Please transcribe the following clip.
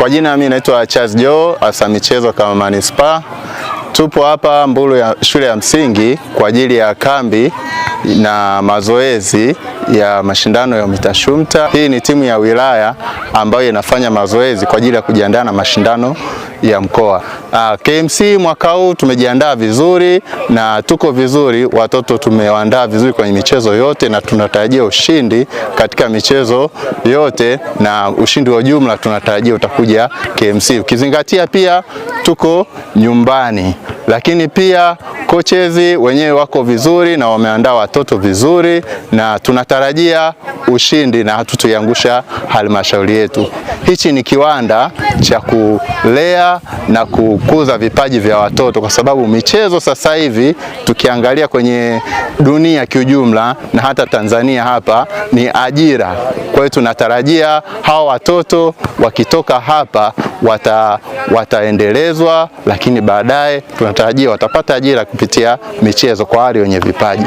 Kwa jina mimi naitwa Charles Joe, afisa michezo kama manispaa. Tupo hapa Mbulu ya shule ya msingi kwa ajili ya kambi na mazoezi ya mashindano ya UMITASHUMTA. Hii ni timu ya wilaya ambayo inafanya mazoezi kwa ajili ya kujiandaa na mashindano ya mkoa. Ah, KMC mwaka huu tumejiandaa vizuri na tuko vizuri, watoto tumewaandaa vizuri kwenye michezo yote na tunatarajia ushindi katika michezo yote, na ushindi wa jumla tunatarajia utakuja KMC, ukizingatia pia tuko nyumbani, lakini pia Coaches wenyewe wako vizuri na wameandaa watoto vizuri, na tunatarajia ushindi na hatutuiangusha halmashauri yetu. Hichi ni kiwanda cha kulea na kukuza vipaji vya watoto, kwa sababu michezo sasa hivi tukiangalia kwenye dunia kiujumla na hata Tanzania hapa ni ajira. Kwa hiyo tunatarajia hawa watoto wakitoka hapa wata, wataendelezwa, lakini baadaye tunatarajia watapata ajira kupitia michezo kwa wale wenye vipaji.